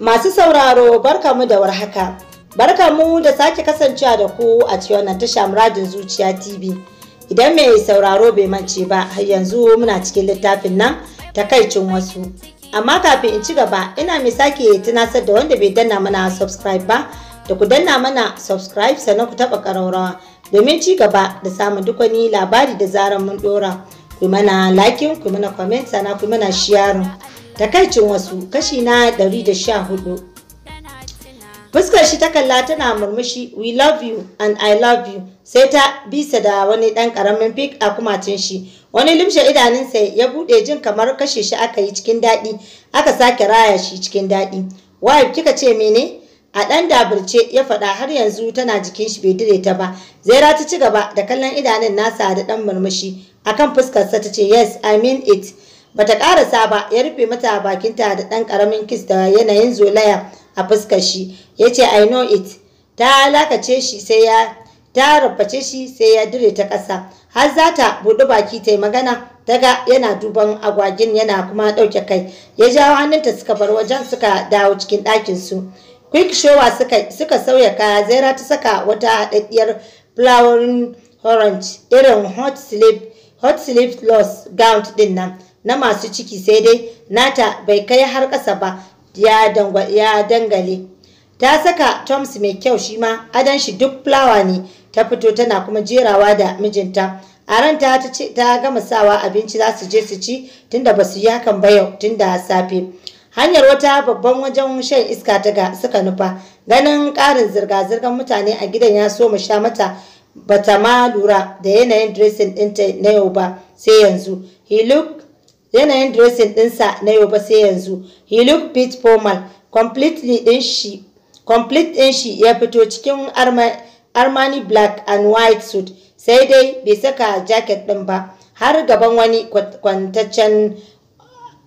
Masu sauraro barka mu da warhaka. Barka mu da sake kasancewa da ku a cikin wannan tasha muradin zuciya TV. Idan mai sauraro bai mance ba har yanzu muna cikin littafin nan takaicin wasu. Amma kafin in ci gaba ina mai sake tunasar da wanda bai danna mana subscribe ba da ku danna mana subscribe sannan ku taɓa karaurawa domin ci gaba da samun duk wani labari da zarar mun ɗora. Ku mana liking, ku mana comment, sannan ku mana sharing. takaicin wasu kashi na 114 fuskar shi ta kalla tana murmushi we love you and i love you sai ta bisa da wani dan karamin fik a kumacin shi wani limshe idanunsa ya bude jin kamar kashe shi aka yi cikin daɗi aka sake raya shi cikin daɗi wife kika ce mene a ɗan dabirce ya faɗa har yanzu tana jikin shi bai dire ta ba zaira ta ci gaba da kallon idanun nasa da ɗan murmushi akan fuskarsa ta ce yes i mean it bata karasa ba ya rufe mata bakinta da ɗan karamin kiss da yanayin zolaya a fuskar shi yace i know it ta lakace shi sai ya ta rubace shi sai ya dire ta ƙasa har za ta baki ta magana daga yana duban agwagin yana kuma ɗauke kai ya jawo hannunta suka bar wajen suka dawo cikin ɗakin su quick shower suka, suka sauya kaya zaira ta saka wata haɗaɗɗiyar flowering orange irin hot sleep hot sleep loss gown din nan na masu ciki sai dai nata bai kai har ƙasa ba ya dangale ta saka toms mai kyau shi ma adan shi duk fulawa ne ta fito tana kuma jerawa da mijinta a ran ta ce ta gama sawa abinci za su je su ci tunda ba su yi hakan ba yau tunda safe hanyar wata babban wajen shan iska ta ga suka nufa ganin ƙarin zirga-zirgar mutane a gidan ya so mu sha mata bata ma lura da yanayin dressing ɗinta na yau ba sai yanzu he looked yanayin dressing dinsa na yau ba sai yanzu he look fit formal completely ɗin shi complete din shi ya fito cikin armani black and white suit sai dai bai saka jacket din ba har gaban wani kwantaccen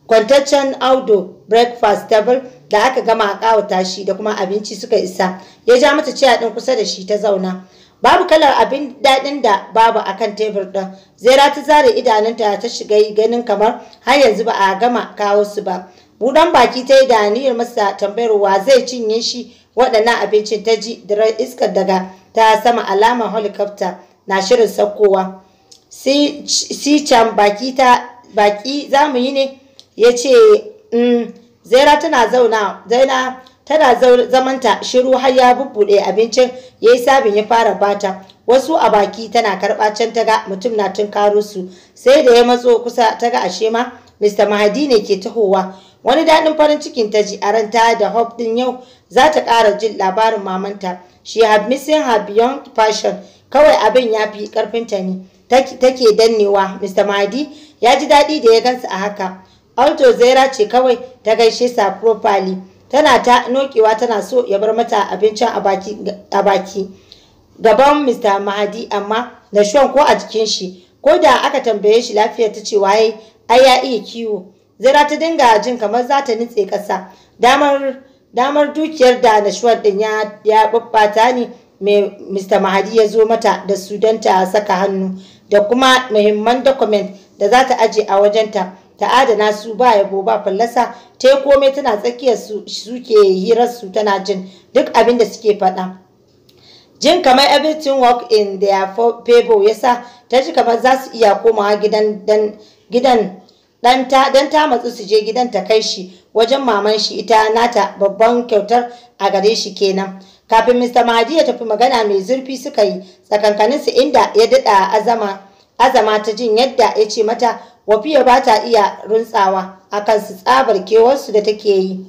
kwantaccen audo breakfast table da aka gama a kawata shi da kuma abinci suka isa ya ja mata ciya din kusa da shi ta zauna babu kalar abin daɗin da babu akan tebur ɗin zaira ta zare idanunta ta shiga ganin kamar har yanzu ba a gama kawo su ba buɗan baki ta yi da aniyar masa tambayar wa zai cinye shi waɗannan abincin ta ji dirar iskar daga ta sama alamar helicopter na shirin saukowa si can baki za mu yi ne ya ce mm, zaira tana zauna zaina tana zamanta shiru har ya bubbude abincin ya yi sabin ya fara bata wasu a baki tana karɓa can ta ga mutum na tunkaro su sai da ya matso kusa ta ga ashe ma mr mahadi ne ke tahowa wani daɗin farin cikin ta ji a ranta da hope din yau za ta ƙara jin labarin mamanta she had missing her beyond fashion kawai abin ya fi ƙarfinta ne take dannewa mr mahadi ya ji daɗi da ya gansa a haka alto zaira ce kawai ta gaishe sa properly tana ta nokewa tana so ya bar mata abincin a baki gaban mr mahadi amma shuwan ko a jikin shi ko da aka tambaye shi lafiyar ta ce waye ai ya iya kiwo zira ta dinga jin kamar za ta nitse ƙasa damar dukiyar da shuwan din ya ya babbata ne mai mr mahadi ya zo mata da su don ta saka hannu da kuma muhimman document da za ta aje a wajenta ta adana su ba yabo ba fallasa ta yi komai tana tsakiyar su suke hirar su tana jin duk abin da suke faɗa jin kamar everything work in their favor yasa ta ji kamar za su iya komawa gidan dan ta dan ta matsu su je gidan ta kai shi wajen maman shi ita nata babban kyautar a gare shi kenan kafin Mr. Mahadi ya tafi magana mai zurfi suka yi tsakankaninsu inda ya daɗa azama azama ta jin yadda ya ce mata wafiya ba ta iya runtsawa akan su tsabar kewarsu da take yi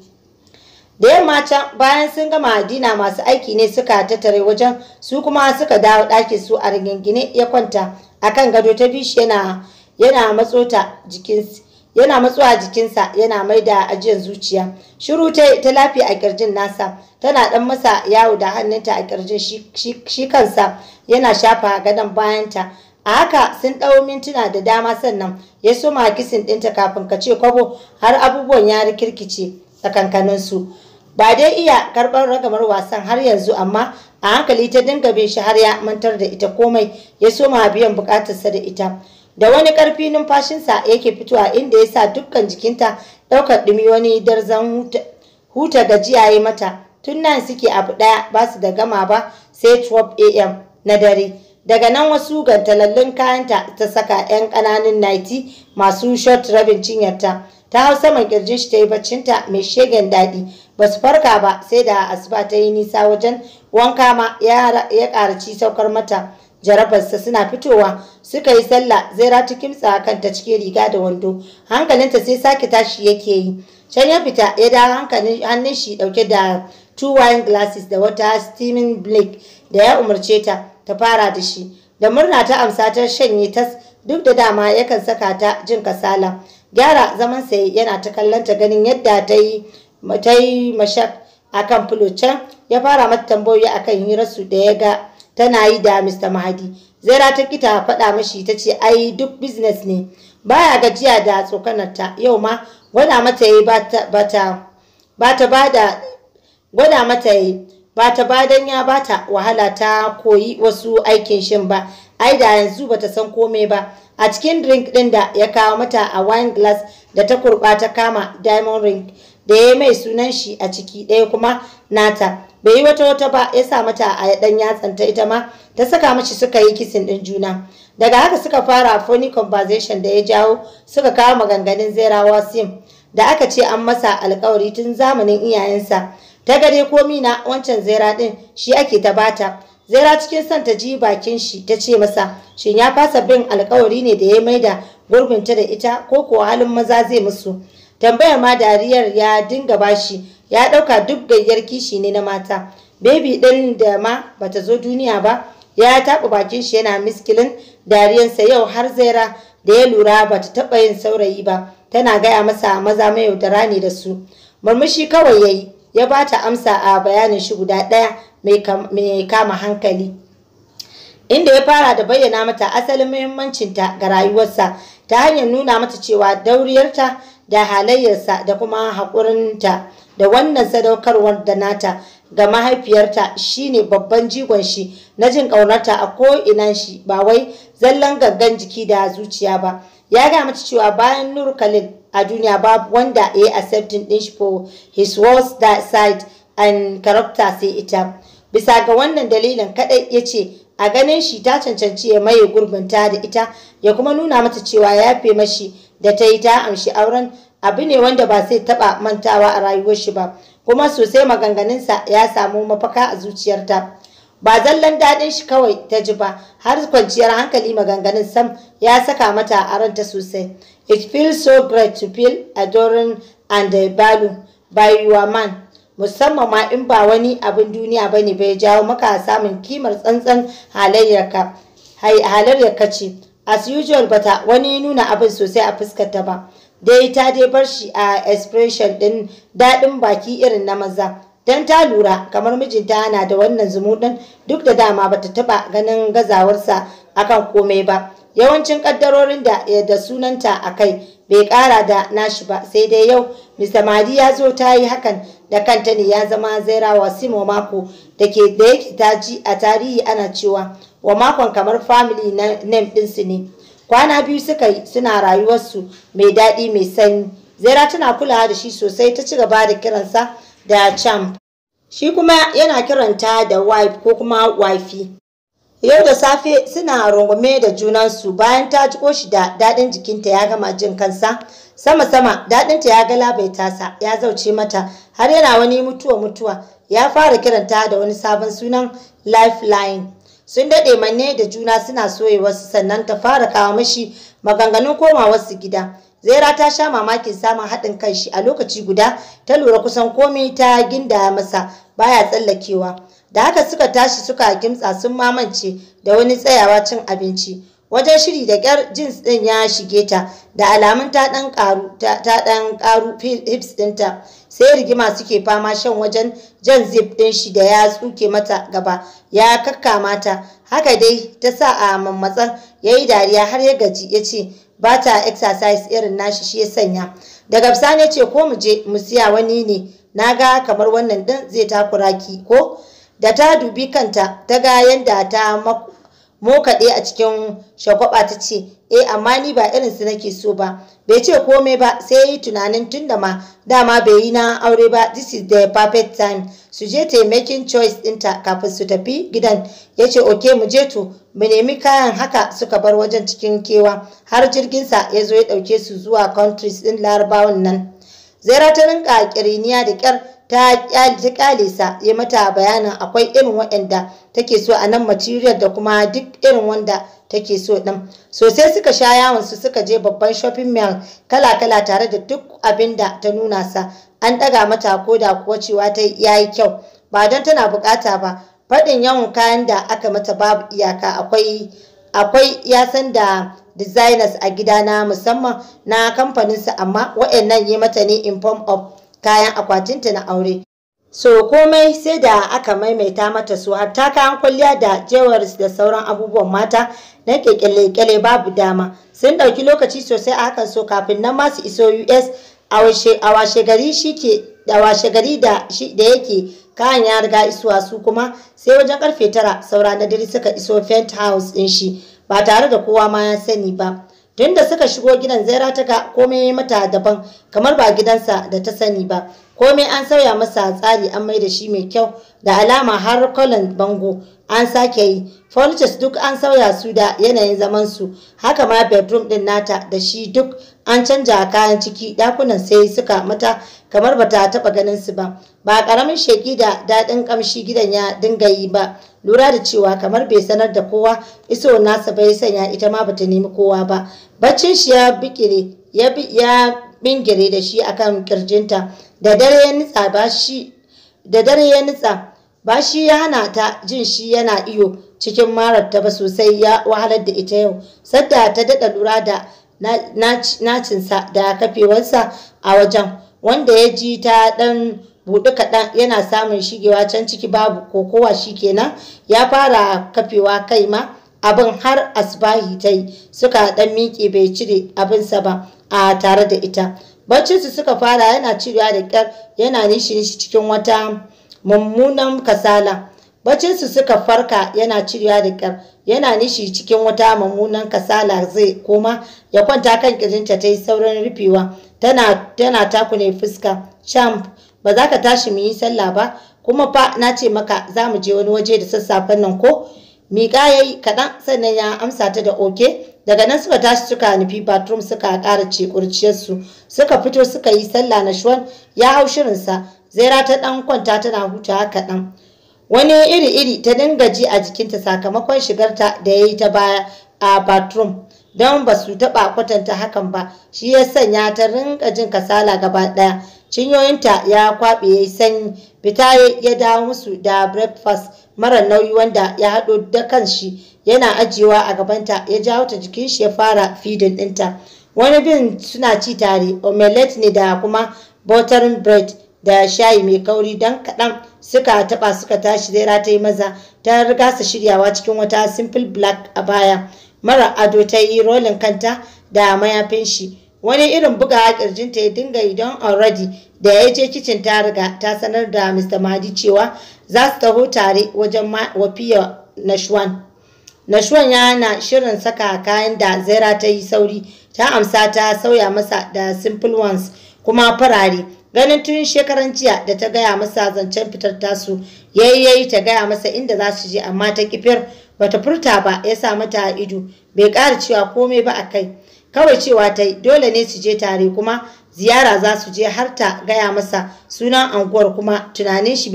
da yamma can bayan sun gama dina masu aiki ne suka tattare wajen su kuma suka dawo ɗakin su a rigingine ya kwanta a kan gado ta bishi yana yana ta jikinsa yana matsuwa jikinsa yana mai da ajiyar zuciya shiru ta ta lafiya a kirjin nasa tana dan masa yawo da hannunta a kirjin shi kansa yana shafa gadon bayanta a haka sun ɗau mintuna da dama sannan ya soma kisin ɗinta kafin ka ce kwabo har abubuwan ya rikirkice tsakankaninsu ba dai iya karɓar ragamar wasan har yanzu amma a hankali ta dinga bin shi har ya mantar da ita komai ya soma biyan bukatarsa da ita da wani ƙarfi numfashinsa yake fitowa inda ya sa dukkan jikinta ɗaukar ɗumi wani darzan huta gajiya ya mata tun nan suke abu ɗaya ba su da gama ba sai 12 am na dare daga nan wasu gantalallun kayanta ta saka 'yan ƙananan naiti masu short rabin cinyarta ta hau saman kirjin shi ta yi baccinta mai shegen daɗi ba su farka ba sai da asuba ta yi nisa wajen wanka ma ya ƙaraci saukar mata jarabarsa suna fitowa suka yi sallah zaira ratu kimtsa kanta cikin riga da wando hankalinta sai sake tashi yake yi can ya fita ya da hankalin hannun shi dauke da two wine glasses da wata steaming blake da ya umarce ta ta fara da shi da murna ta amsa ta shanye ta duk da dama yakan saka ta jin kasala gyara zaman sai yana ta kallon ta ganin yadda ta yi ta yi mashak akan fulocin ya fara mata tambayoyi akan hirarsu da ya ga tana yi da Mr. Mahadi. Zaira ta kita faɗa mashi ta ce ai duk business ne. Baya gajiya da ta, yau ma gwada mata yi ba ta ba bada gwada mata yi ba ta don ya ta wahala ta koyi wasu aikin shin ba ai da yanzu ba ta san komai ba a cikin drink din da ya kawo mata a wine glass da ta kurba ta kama diamond ring da ya mai sunan shi a ciki ɗaya kuma nata bai yi wata wata ba ya sa mata a ɗan yatsanta ita ma ta saka mashi suka yi kisin ɗin juna daga haka suka fara phony conversation da ya jawo suka kawo maganganun zairawa sim da aka ce an masa alkawari tun zamanin iyayensa ta gade ko mina, wancan zaira din shi ake ta bata zaira cikin son ta ji bakin shi ta ce masa shin ya fasa bin alkawari ne da ya maida gurbinta da ita ko kuwa halin maza zai musu tambayar ma dariyar ya dinga bashi ya ɗauka duk gayyar kishi ne na mata bebi din da ma bata zo duniya ba ya taɓa bakin shi yana miskilin dariyarsa yau har zaira da ya lura bata taɓa yin saurayi ba tana gaya masa maza yaudara ne da su murmushi kawai ya yi ya ba ta amsa a bayanin shi guda ɗaya mai kama hankali inda ya fara da bayyana mata asalin muhimmancinta ga rayuwarsa ta hanyar nuna mata cewa dauriyarta da halayyarsa da kuma haƙurinta da wannan sadaukarwar da nata ga mahaifiyarta shine babban jigon shi na jin ƙaunarta a ko'ina shi ba wai zallan gangan jiki da zuciya ba ya gaya mata cewa bayan Nur Khalil a duniya babu wanda ya yi accepting din shi for his worst side and character sai ita bisa ga wannan dalilin kadai ya ce a ganin shi ta cancanci ya maye gurbinta da ita ya kuma nuna mata cewa ya fi mashi da ta yi ta amshi auren abu ne wanda ba sai taba mantawa a rayuwar shi ba kuma sosai maganganunsa ya samu mafaka a zuciyarta ba zallan daɗin shi kawai ta ji ba har kwanciyar hankali maganganun sam ya saka mata a ranta sosai it feels so great to feel adoring and valued by your man musamman ma in ba wani abin duniya ba ne bai jawo maka samun kimar tsantsan halayyarka ka ce as usual bata wani nuna abin sosai a fuskarta ba dai ta dai bar shi a expression din daɗin baki irin na maza don ta lura kamar mijinta na da wannan zumudin duk da dama bata taba ganin gazawarsa akan komai ba yawancin kaddarorin da da sunanta a kai bai ƙara da nashi ba sai dai yau Mr. Madi ya zo ta yi hakan da kanta ne ya zama zaira wa Simo Mako da ke da yake ta ji a tarihi ana cewa wa makon kamar family name ɗinsu ne. Kwana biyu suka yi suna rayuwarsu mai daɗi mai sanyi. Zaira tana kulawa da shi sosai ta ci gaba da kiransa da champ shi kuma yana kiranta da wife ko kuma wifi yau da safe suna rungume da junansu bayan ta jiko shi da daɗin jikinta ya gama jin kansa sama-sama daɗinta ya bai tasa, ya zauce mata har yana wani mutuwa-mutuwa ya fara kiranta da wani sabon sunan lifeline sun daɗe manne da juna suna soyewa sannan ta fara kawo mashi maganganun komawarsu gida Zaira ta sha mamakin samun haɗin kan shi a lokaci guda ta lura kusan komai ta ginda masa baya tsallakewa. Da haka suka tashi suka kimtsa sun mamance da wani tsayawa cin abinci. Wajen shiri da kyar jins ɗin ya shige ta da alamun ta ɗan ƙaru ta ɗan ƙaru hips ɗinta. Sai rigima suke fama shan wajen jan zip ɗin shi da ya tsuke mata gaba ya kakka mata. Haka dai ta sa a mammatsan ya yi dariya har ya gaji ya ce ba ta exercise irin nashi shi ya sanya daga bisani ce ko mu je mu siya wani ne na ga kamar wannan din zai takura ki ko da ta dubi kanta ta ga yadda ta mokaɗe a cikin shagwaba ta ce eh amma ni ba irin su nake so ba bai ce komai ba sai yi tunanin tun da ma dama bai yi na aure ba this is the perfect time su je taimakin making choice ɗinta kafin su tafi gidan ya ce ok mu je to mu nemi kayan haka suka bar wajen cikin kewa har jirgin sa ya zo ya ɗauke su zuwa countries ɗin larabawan nan zaira ta rinka kiriniya da ƙyar ta ƙyale sa ya mata bayanin akwai irin waɗanda take so a nan material da kuma duk irin wanda take so ɗin sosai suka sha yawon su suka je babban shopping mall kala-kala tare da duk abin da ta nuna sa an ɗaga mata ko da kuwa cewa ta yayi kyau ba don tana bukata ba Fadin yawan kayan da aka mata babu iyaka akwai akwai ya san da designers a gida na musamman na kamfanin kamfaninsa amma waɗannan yi mata ne in form of kayan akwatinta na aure so komai sai da aka maimaita mata su har ta kayan kwalliya da jewars da sauran abubuwan mata na kekele-kele babu dama sun ɗauki lokaci sosai a hakan so kafin nan masu iso us a washe gari shi ke da washe gari da shi yake kayan ya riga isuwa su kuma sai wajen karfe tara saura na dare suka iso fent house din shi ba tare da kowa ma ya sani ba tun da suka shigo gidan zaira ta ga komai mata daban kamar ba gidansa da ta sani ba komai an sauya masa tsari an mai da shi mai kyau da alama har kolon bango an sake yi furnitures duk an sauya su da yanayin zaman su haka ma bedroom din nata da shi duk an canja kayan ciki dakunan sai suka mata kamar ba ta taba ganin su ba ba karamin sheki da daɗin kamshi gidan ya dinga yi ba lura da cewa kamar bai sanar da kowa iso nasa bai sanya ita ma bata nemi kowa ba baccin shi ya bikire ya bingire da shi akan kirjinta da dare ya nitsa ba shi da dare ya nitsa ba shi ya hana ta jin shi yana iyo cikin mararta ba sosai ya wahalar da ita yau sadda ta daɗa lura da nacinsa da kafewarsa a wajen wanda ya ji ta ɗan buɗe kaɗan yana samun shigewa can ciki babu ko kowa shi kenan ya fara kafewa kai ma abin har asbahi ta yi suka ɗan miƙe bai cire abinsa ba a tare da ita baccinsu suka fara yana cirewa da ƙyar yana nishi nishi cikin wata mummunan kasala bacinsu suka farka yana cirewa da kyar. yana nishi cikin wata mummunan kasala zai koma ya kwanta kan ƙirjinta ta yi sauran rufewa tana tana takune fuska champ ba za ka tashi mu yi sallah ba kuma fa na ce maka za mu je wani waje da sassafen nan ko miƙa ya yi kaɗan sannan ya amsa ta da oke daga nan suka tashi suka nufi bathroom suka ƙara ce suka fito suka yi sallah na shuwan ya hau shirinsa zaira ta ɗan kwanta tana haka kaɗan wani iri-iri ta dinga ji a jikinta sakamakon shigarta da ya yi ta baya a bathroom don ba su taɓa kwatanta hakan ba shi ya sanya ta rinka jin kasala gaba ɗaya cinyoyinta ya kwaɓe ya sanyi fita ya dawo musu da breakfast mara nauyi wanda ya haɗo da kanshi yana ajiyewa a gabanta ya jawo ta jikin shi ya fara feeding ɗinta wani bin suna ci tare omelette ne da kuma buttering bread da shayi mai kauri don kaɗan suka taɓa suka tashi zaira ta yi maza ta riga su shiryawa cikin wata simple black a baya mara ado ta yi rolin kanta da mayafin shi wani irin buga kirjinta ya dinga idan already da ya je kicin ta riga ta sanar da mr madi cewa za su taho tare wajen wafiya nashwan nashwan yana shirin saka kayan da zaira ta yi sauri ta amsa ta sauya masa da simple ones kuma farare ganin tun shekaran jiya da ta gaya masa zancen fitar tasu yayi yayi ta gaya masa inda za su je amma ta kifir bata furta ba ya sa mata a ido bai ƙara cewa komai ba a kai kawai cewa ta dole ne su je tare kuma ziyara za su je har ta gaya masa sunan anguwar kuma tunanin shi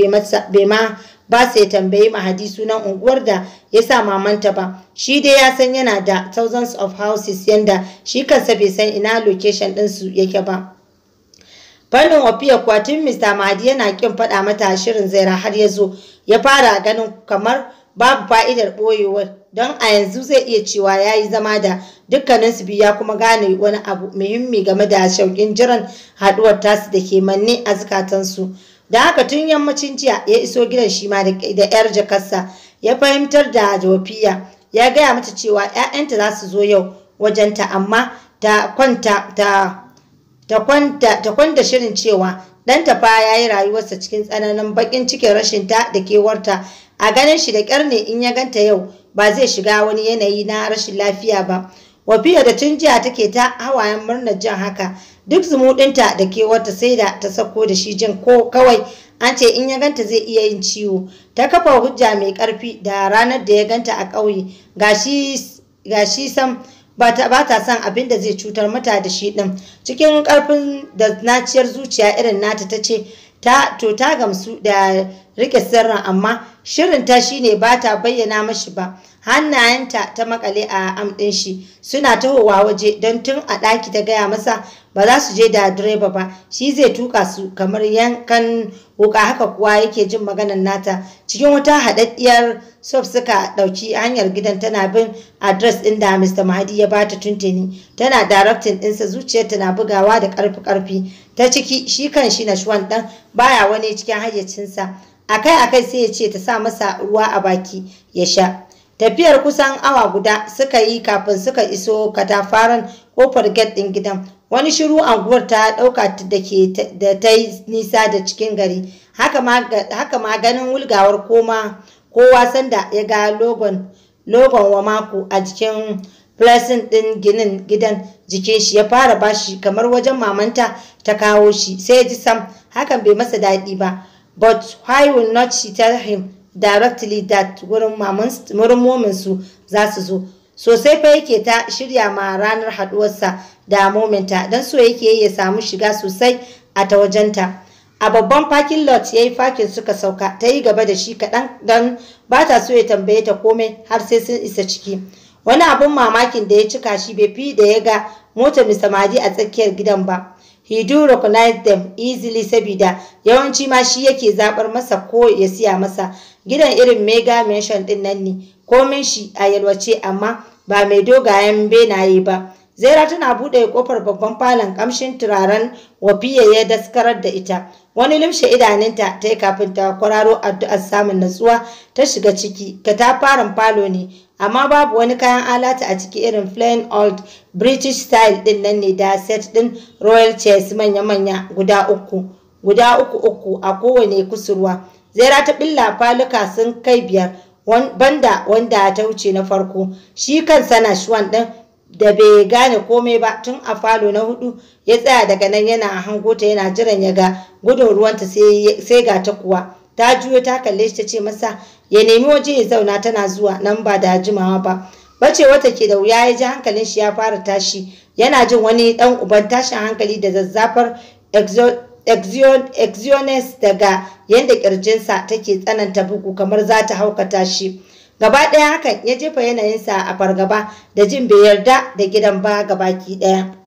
bai ma ba ya tambayi mahadi sunan unguwar da ya sa mamanta ba shi dai ya san yana da thousands of houses yanda shi kansa bai san ina location ɗinsu yake ba fannin wafiya kwatin mr mahadi yana kin faɗa mata shirin zaira har ya zo ya fara ganin kamar babu fa'idar ɓoyewar don a yanzu zai iya cewa ya yi zama da dukkanin su biya kuma gane wani abu muhimmi game da shauƙin jiran haɗuwar tasu da ke manne a zukatansu da haka tun yammacin jiya ya iso gidan shi ma da yar jakarsa ya fahimtar da jofiya ya gaya mata cewa ‘ya'yanta za su zo yau wajenta amma ta kwanta ta ta kwanta shirin cewa ɗanta fa ya yi rayuwarsa cikin tsananin baƙin cikin rashinta da kewarta a ganin shi da ƙyar ne in ya ganta yau ba zai shiga wani yanayi na rashin lafiya ba wafiya da tun jiya take ta hawayen murnar jan haka duk zumuɗinta da kewarta sai da ta sako da shi jin ko kawai an ce in ya ganta zai iya yin ciwo ta kafa hujja mai ƙarfi da ranar da ya ganta a ƙauye gashi gashi sam ba ta son abin da zai cutar mata da shi ɗin cikin ƙarfin da naciyar zuciya irin nata ta ce ta to ta gamsu da rike sirrin amma shirinta shine ba ta bayyana mashi ba hannayenta ta makale a amɗin shi suna tahowa waje don tun a ɗaki ta gaya masa ba za su je da direba ba shi zai tuka su kamar yankan wuka haka kuwa yake jin maganar nata cikin wata haɗaɗɗiyar sof suka ɗauki hanyar gidan tana bin adres ɗin da mr mahadi ya bata tuntuni tana daraktin ɗinsa zuciyarta na bugawa da ƙarfi-ƙarfi ta ciki shi kan shi na shuwan ɗan baya wani cikin hayyacinsa akai-akai sai ya ce ta sa masa ruwa a baki ya sha tafiyar kusan awa guda suka yi kafin suka iso katafaren kofar get ɗin gidan wani shiru anguwar ta ɗauka da ta yi nisa da cikin gari haka ma ganin wulgawar koma kowa sanda ya ga logon logon wa mako a jikin plesin ɗin ginin gidan jikin shi ya fara bashi kamar wajen mamanta ta kawo shi sai ya ji sam hakan bai masa daɗi ba but why will not she tell him directly that wurin mominsu za su zo sosai fa yake ta shirya ma ranar haduwarsa da mominta don so yake ya samu shiga sosai a ta wajenta a babban parking lot ya yi fakin suka sauka ta yi gaba da shi kaɗan don ba ta so ya tambaye ta komai har sai sun isa ciki wani abin mamakin da ya cika shi bai fi da ya ga motar samari a tsakiyar gidan ba he do recognize them easily sabida yawanci ma shi yake zabar masa ko ya siya masa gidan irin mega mansion din nan ne komin shi a yalwace amma ba mai dogayen benaye ba zaira tana buɗe kofar babban falon kamshin turaren wafiya ya daskarar da ita wani limshe idanunta ta yi kafin ta kwararo addu'ar samun natsuwa ta shiga ciki katafaren falo ne amma babu wani kayan alatu a ciki irin plain old british style din nan ne da set din royal chess manya-manya guda uku guda uku uku a kowane kusurwa zaira ta billa faluka sun kai biyar banda wanda ta wuce na farko shi kan sana shuwan din da bai gane komai ba tun a falo na hudu ya tsaya daga nan yana hango ta yana jiran ya ga gudun ruwanta sai ga ta kuwa ta juyo ta kalle shi ta ce masa ya nemi waje ya zauna tana zuwa nan ba da jimawa ba bace wata ke da wuya ya ji hankalin shi ya fara tashi yana jin wani dan uban tashin hankali da zazzafar exiones daga yadda kirjinsa take tsananta bugu kamar za ta haukata shi gaba ɗaya hakan ya jefa yanayinsa a fargaba da jin bai yarda da gidan ba gabaki ɗaya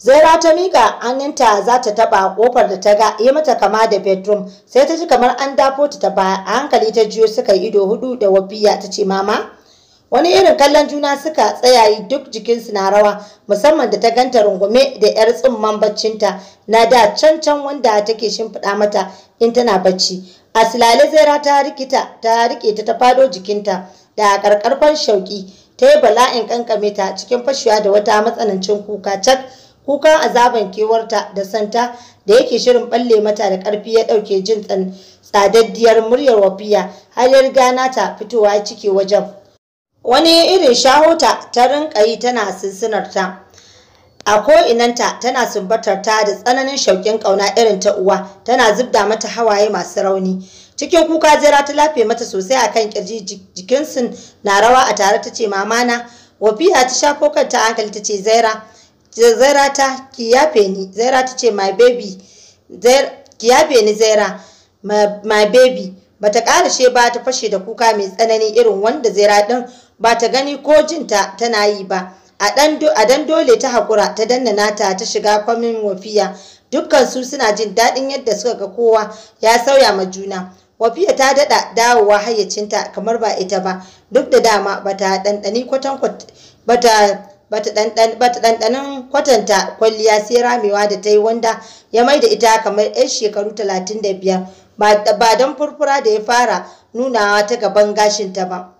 Zaira ta mika hannunta za ta taba kofar da ta ga yi mata kama da bedroom sai ta ji kamar an dafo ta ta baya a hankali ta jiyo suka yi ido hudu da wabiya ta ce mama wani irin kallon juna suka tsayayi duk jikinsu na rawa musamman da ta ganta rungume da yar tsumman baccinta na da can can wanda take shimfiɗa mata in tana bacci a silale zaira ta rikita ta rike ta ta fado jikinta da karkarfan shauki ta yi bala'in kankame ta cikin fashewa da wata matsanancin kuka cak kukan azaban kewarta da santa da yake shirin balle mata da ƙarfi ya ɗauke jin tsadaddiyar muryar wafiya har ya riga nata fitowa ciki wajen wani irin shahota ta rinka yi tana sinsinarta. ta a ko'inanta tana sumbatar ta da tsananin shauƙin ƙauna irin ta uwa tana zubda mata hawaye masu rauni cikin kuka jira ta lafe mata sosai akan kirji jikinsu na rawa a tare ta ce mamana wafiya ta shafo kanta hankali ta ce zaira ta ki yafe ni ta ce my baby ki yafe ni zaira my baby bata karashe ba ta fashe da kuka mai tsanani irin wanda zaira din ba ta gani ko jinta tana yi ba a dan dole ta haƙura ta danna nata ta shiga kwamin wafiya dukkan su suna jin daɗin yadda suka ga kowa ya sauya ma juna wafiya ta daɗa dawowa hayyacinta kamar ba ita ba duk da dama ba ta ɗanɗani kwatan ta. bata ɗanɗanin kwatanta kwalliya sai ramewa da ta yi wanda ya mai da ita kamar 'yan shekaru 35 ba don furfura da ya fara nunawa ta gaban gashinta ba.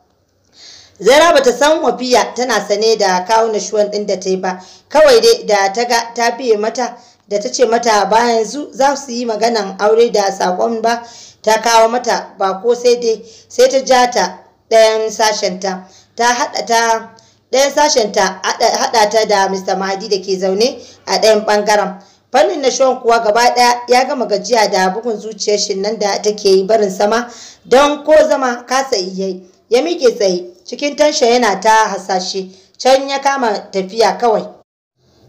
Zaira bata san wafiya tana sane da kawo shuwan ɗin da ta yi ba, kawai dai da ta ga ta biye mata da ta ce mata ba yanzu za su yi maganan aure da sakon ba ta kawo mata ba ko sai dai sai ta ja ta ɗayan sashenta ta haɗa ta ɗayan sashen ta haɗa ta da Mr. Mahadi da ke zaune a ɗayan ɓangaren. Fannin na shon kuwa gaba ɗaya ya gama gajiya da bugun zuciyar shi nan da take yi barin sama don ko zama kasa iya ya miƙe tsaye cikin tansha yana ta hasashe can ya kama tafiya kawai.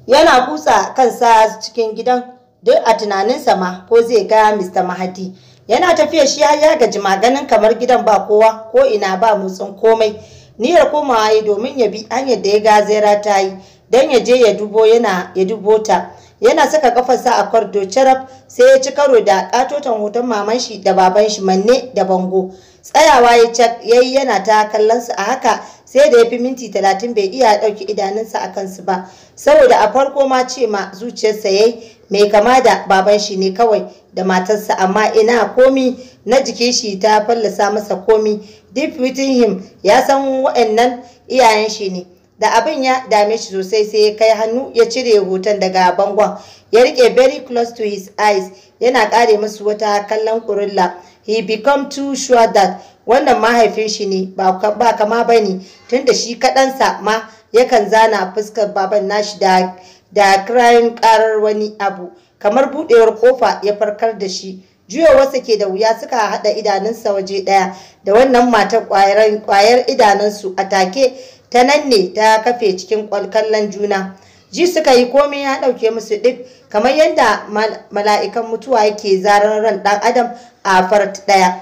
Yana kutsa kansa cikin gidan duk a tunaninsa ma ko zai ga Mr. Mahadi. Yana tafiya shi ya gaji maganin kamar gidan ba kowa ko ina ba motsin komai. niyyar komawa ya domin ya bi hanyar da ya gazera ta yi don ya je ya dubo yana ya dubo ta yana saka kafarsa a kwardo carab sai ya ci karo da katotan hoton maman shi da baban shi manne da bango tsayawa ya yayi yana ta kallon su a haka sai da ya fi minti talatin bai iya ɗauki idanunsa a kansu ba saboda a farko ma ce ma zuciyarsa yayi mai kama da baban shi ne kawai da matarsa amma ina komi na jikin shi ta fallasa masa komi deep within him ya san wa'annan iyayen shi ne da abin ya dame shi sosai sai ya kai hannu ya cire hoton daga bangon ya rike very close to his eyes yana kare masu wata kallon kurilla he become too sure that wannan mahaifin shi ne ba kama ba ne tunda shi kaɗansa ma yakan zana fuskar baban nashi da da karar wani abu kamar buɗewar kofa ya farkar da shi juyowarsa ke da wuya suka haɗa idanunsa waje ɗaya da wannan matar ƙwayar idanunsu a take ta nan ne ta kafe cikin kallon juna ji suka yi komai ya ɗauke musu duk, kamar yadda mala'ikan mutuwa yake zarar ran ɗan adam a fart ɗaya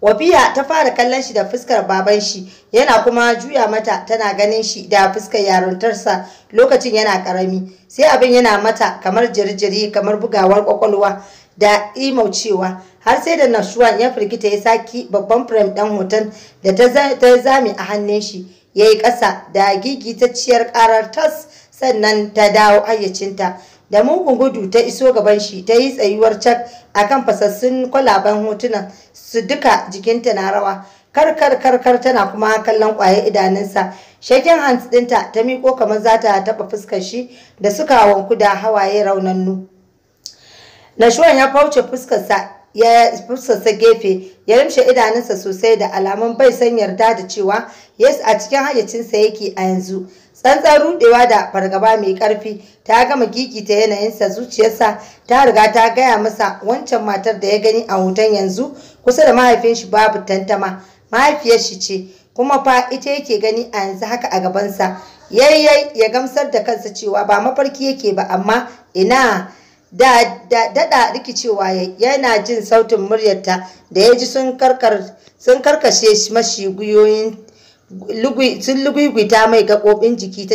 wafiya ta fara kallon shi da fuskar baban shi yana kuma juya mata tana ganin shi da fuskar yaruntarsa lokacin yana karami sai abin yana mata kamar jirjiri kamar bugawar kwakwalwa da cewa, har sai da nashuwan ya firgita ya saki babban firayim ɗan hoton da ta zame a hannun shi ya yi ƙasa da gigitacciyar ƙarar tas sannan ta dawo ayyacinta, da mugun gudu ta iso gaban shi ta yi tsayuwar cak a kan fasassun kwalaben hotunan su duka jikinta na rawa karkar karkar tana kuma kallon ƙwaye idanunsa shaken hans ɗinta ta miƙo kamar za ta taɓa fuskar shi da suka wanku da hawaye raunannu Nashwan ya fauce fuskarsa ya gefe ya rumshe idanunsa sosai da alamun bai san yarda da cewa yes a cikin hayyacinsa yake a yanzu tsantsar rudewa da fargaba mai karfi ta gama gigita yanayinsa zuciyarsa ta riga ta gaya masa wancan matar da ya gani a hoton yanzu kusa da mahaifin shi babu tantama mahaifiyar shi ce kuma fa ita yake gani a yanzu haka a gabansa yayyai ya gamsar da kansa cewa ba mafarki yake ba amma ina da daɗa rikicewa yana jin sautin muryarta da ya ji sun karkashe mashi guyoyin sun lugwigwita mai gaɓoɓin jiki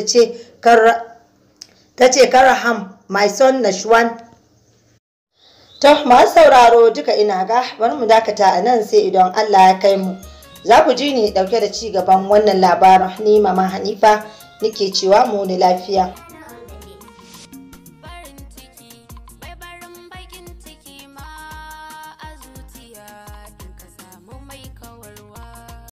ta ce karaham my son na shuwan' ta. masu sauraro duka ina ga bari mu dakata a nan sai idan allah ya kai mu za ku ji ni ɗauke da ci gaban wannan labarin ni mama hanifa nike cewa mu ne lafiya